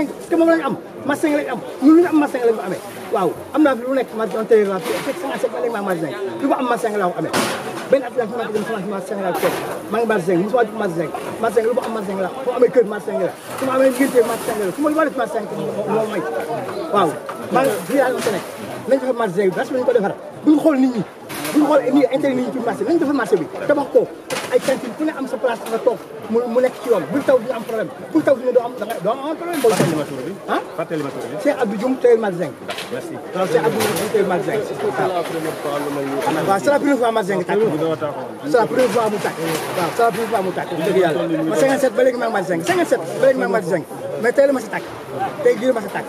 cinq te moom lañu am ma cinq lañu am ñun lu ñu am ma cinq lañu ko amee waaw am naa fi lu nekk ma donte ma cinq lañu ma ma cinq lu ma am ma cinq laa ko amee benn at laa fi ma dem sama ma cinq laa ko ma ngi ma cinq mosuma ma cinq ma cinq lu ma am ma cinq laa su ma amee kër ma cinq la su ma amee ngénte ma cinq la su ma lu ma def ma cinq moo may waaw maa ngi fi yàlla ko nekk nañ defar marché bi parce que ñu ko defar buñu xool nit ñi buñu xool nii intérêt nit ñi ci marché nañ defar marché bi tabax ko ay cantine ku ne am sa place nga toog mu nekk ci yoon bu taw dina am problème bu taw dina doo am doo am problème. fàttali ma tur bi ah fàttali ma tur bi. Cheikh Abdou Dioum Taïl Marzeng. merci waaw Cheikh Abdou Dioum Taïl Marzeng. waaw c'est la première fois Marzeng tàkk. c'est la première fois mu tàkk. waaw c'est la première fois mu tàkk dëgg yàlla. ma 57 ba léegi maa ngi Marzeng 57 ba léegi maa ngi Marzeng mais tey la ma sa tàkk tey jii la ma sa tàkk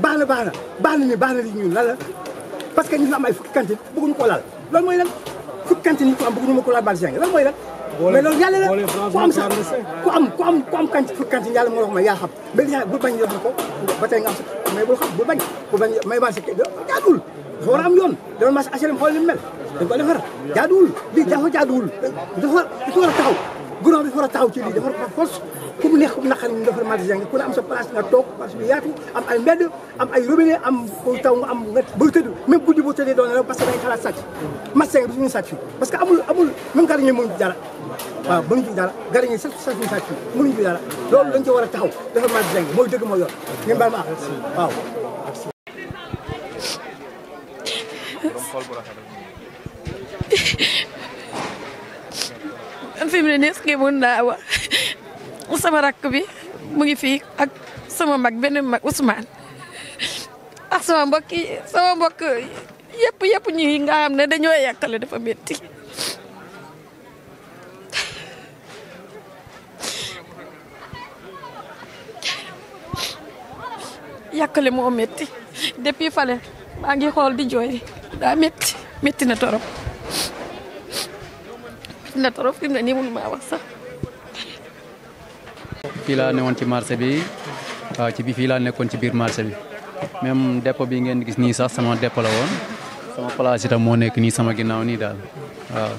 baax na baax na baax na ni baax na li ñun lan ñu am fukki cantine bëgguñu ko laal loolu mooy lan fukki cantine yi ko am bëgguñu ko laal Balla Siang lan mooy lan mais loolu yàlla la ku am sax ku am ku am ku am kanti fukki cantine yàlla moo la wax yaa xam bel ñaa bul bañ yox na ko ba nga am bul xam bul bañ may baal sa jaaduwul dafa war a am yoon dama marché HLM xool li mu mel dañ ko defar jaaduwul a taxaw gouvernement bi a taxaw ci lii a ku mu neex ku mu naqari ñu defar magasin ku ne am sa place nga toog parce que yaatu am ay mbedd am ay robinet am booy am nga booy guddi boo tëddee doon na parce que dañuy xalaat sàcc magasin bi suñu sàcc parce que amul amul même garañe mënuñ ci dara waaw mënuñ ci dara garañe sax sax suñu sàcc mënuñ ci dara loolu dañ ci war a taxaw defar magasin bi mooy dëgg mooy yoon ngeen baal ma waaw fi sama rakk bi mu ngi fii ak sama mag benn mag Ousmane ak sama mbokk sama mbokk yëpp yëpp ñi nga xam ne dañoo yàqale dafa metti yàqale moo metti depuis fale maa ngi xool di jooy daa metti métti na torop métti na torop fi mu ne nii mënu maa wax sax fii laa newoon ci marché bi waaw ci bi fii laa nekkoon ci biir marché bi même dépôt bi ngeen gis nii sax sama dépôt la woon sama place itam moo nekk nii sama ginnaaw nii daal waaw.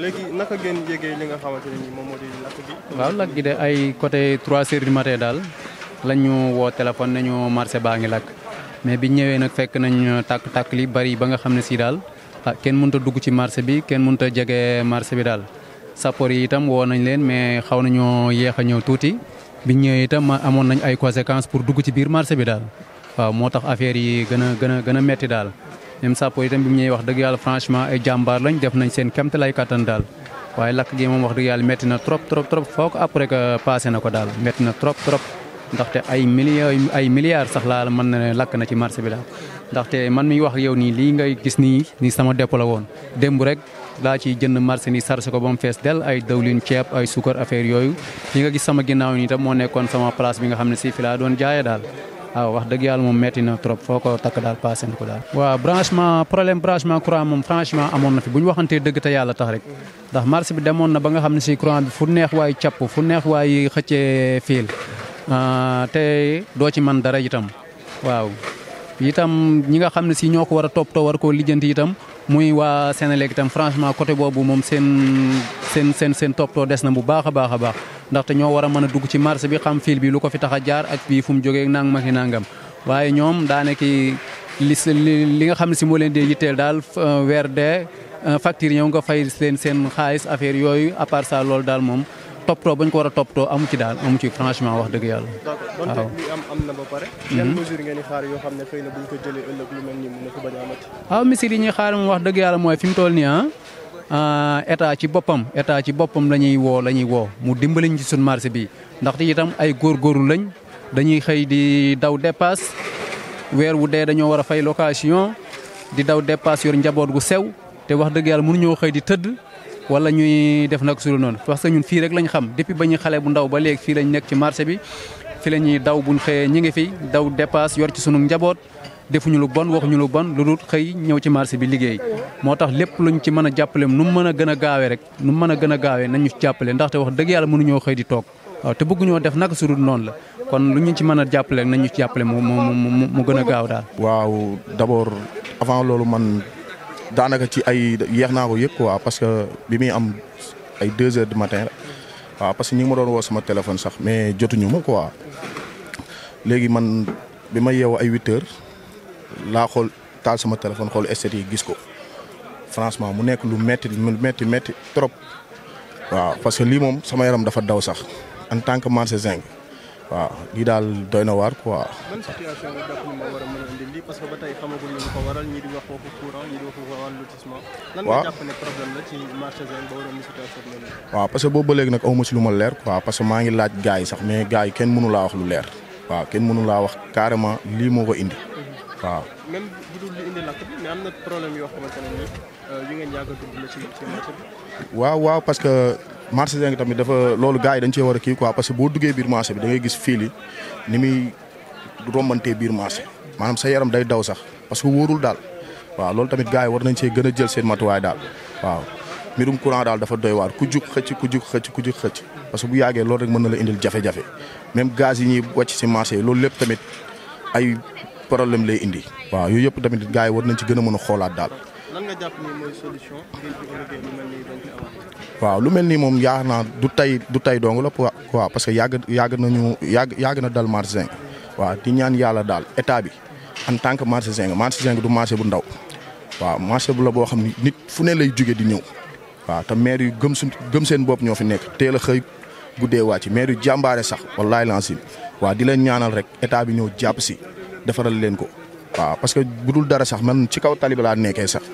li nga xamante lakk waaw lakk gi de ay côté trois heures du matin daal lañ ñu woo téléphone nañu marché baa ngi lakk mais bi ñëwee nag fekk nañ tàkk-tàkk li bari ba nga xam ne sii daal ah, kenn mënut a dugg ci marché bi kenn mënut jege marché bi daal. sappoor yi itam woo nañ leen mais xaw nañoo yéex a ñëw tuuti biñ ñëwee itam amoon nañ ay conséquences pour dugg ci biir marché bi daal waaw moo tax affaire yi gën a gën a gën a metti daal. même sappoor itam bi mu wax dëgg yàlla franchement ay jàmbaar lañ def nañ seen kemt lay kattan daal waaye lakk gi moom wax dëgg yàlla metti na trop trop trop foog après que passé na ko daal metti na trop trop. ndaxte ay millions ay milliards sax laa mën na ne lakk na ci marché bi daal. ndaxte man mi wax yow nii lii ngay gis nii ni sama dépôt la woon démb rek laa ciy jënd marché ni sarse ndax marché bi demoon na ba nga xam ne si courant bi fu neex waay capp fu neex waay xëccee fiil Ah, te doo ci man dara itam waaw itam ñi nga xam ne si ñoo ko war a toppatoo war koo lijjanti itam muy waa Sénélec itam franchement côté boobu moom seen seen seen seen toppatoo des na bu baax a baax a baax ndaxte ñoo war a mën a dugg ci marché bi xam fil bi lu ko fi tax a jaar ak bii fu mu jógee nangam ak nangam waaye ñoom daanaka li li nga xam ne si moo leen di yitteel daal euh, weer de euh, facture ñëw nga fay seen seen xaalis affaire yooyu à part ça loolu daal moom. toppatoo ba ñu ko war a toppatoo amu ci daal amu ci franchement wax dëgg yàlla. waaw am am na mhm. yoo xam ne xëy a amati. waaw ah, mesures yi ñuy xaar moom wax dëgg yàlla mooy fi mu toll nii ah, ah état ci boppam état ci boppam la woo la woo mu dimbaliñ ci suñ marché bi ndaxte itam ay góorgóorlu lañ dañuy xëy di daw dépasse weer wu dee dañoo war a fay location di daw dépasse yor njaboot gu sew te wax dëgg yàlla mënuñoo xëy di tëdd wala ñuy def nag sulu noonu parce que ñun fii rek lañu xam depuis ba ñu xale bu ndaw ba léegi fii lañ nekk ci marché bi fi la daw buñ xëyee ñi ngi fi daw dépasse yor ci sunu njaboot defuñu lu bon waxuñu lu bon lu dul xëy ñëw ci marché bi liggéey moo tax lépp luñ ci mën a jàppale nu mu mën a gën a gaawee rek nu mën a gën a gaawee nañ ñu ci jàppale ndaxte wax dëgg yàlla mënuñoo xëy di toog waaw te bëgguñoo def naka su dul noonu la kon lu ñu ci mën a jàppale rek nañ ñu ci jàppale mu mu gën a gaaw daal. waaw d'abord avant loolu daanaka ci ay yeex naa ko yëg quoi parce que bi muy am ay deux heures du matin waaw parce que ñi ma doon woo sama téléphone sax mais jotuñu ma quoi léegi man bi ma yeewoo ay huit heures laa xool taal sama téléphone xool esthétique yi gis ko franchement mu nekk lu metti lu metti metti trop waaw parce que lii moom sama yaram dafa daw sax en tant que marché zinc waaw lii daal doy na waar quoi. ban situation la jàpp ni moo war a mën a indi lii parce ba tey xamaguñu lu ko waral ñii di wax waxu jàpp ne problème la ci marché zen ba war a am situation bi waaw parce que boobu ba léegi nag aw ma si lu ma leer quoi parce que maa ngi laaj gars yi sax mais gars yi kenn mënu laa wax lu leer. waaw kenn mënu laa wax carrément lii moo ko indi. Mhm. waaw même bu dul li indi lakk bi am na problème yoo xamante ne Euh, yu ci waaw waaw parce que marché Zing tamit dafa loolu gars yi dañ cee war a kii quoi parce que boo duggee biir marché bi da gis fii li ni muy rombantee biir marché maanaam sa yaram day daw sax parce que wóorul daal waaw loolu tamit gars yi war nañ cee gën a jël seen matuwaay daal waaw. mbirum courant daal dafa doy waar ku jug xëcc ku jug ku jug xëcc parce que bu yàggee loolu rek mën na la indil jafe même gaz yi ñuy wàcc si marché loolu lépp tamit ay problème lay indi. waaw yooyu yëpp tamit gars yi war nañ ci gën a mën a xoolaat daal. lan nga waaw lu mel nii moom yaakaar naa du tey du tey dong la quoi parce que yàgg yàgg nañu yàgg yàgg na dal marché waaw di ñaan yàlla daal état bi en tant que marché Zinc marché Zinc du marché bu ndaw waaw marché bu la boo xam ni nit fu ne lay jóge di ñëw waaw te maire yu gëm su gëm seen bopp ñoo fi nekk teel a xëy guddee wàcc maire yu jàmbaare sax wallaay lansin waaw di leen ñaanal rek état bi ñëw jàpp si defaral leen ko. waaw parce que bu dul dara sax man ci kaw tali laa nekkee sax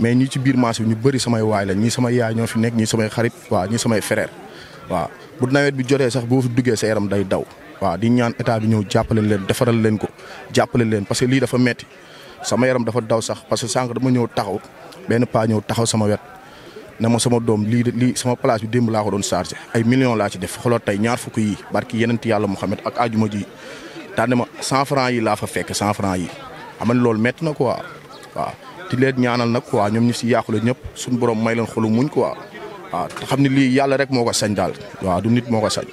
mais ñi ci biir marché bi ñu bëri samay waay lañ ñii samay yaay ñoo fi nekk ñii samay xarit waaw ñii samay frère waaw bu nawet bi jotee sax boo fi duggee sa yaram day daw waaw di ñaan état bi ñëw jàppale leen defaral leen ko jàppale leen parce que lii dafa metti sama yaram dafa daw sax parce que sànq dama ñëw taxaw benn paa ñëw taxaw sama wet ne ma sama doom lii lii sama place bi démb laa ko doon chargé ay millions laa ci def xoolal tey ñaar fukk yi barki yeneen ti yàlla Muhammad ak ajuma ji daan ma cent yi laa fa fekk cent yi xam nga loolu métti na quoi waaw di leen ñaanal nag quoi ñoom ñu si yàqule ñëpp suñu borom may leen xolu muñ quoi waaw te xam ne lii yàlla rek moo ko sañ daal waaw du nit moo ko sañ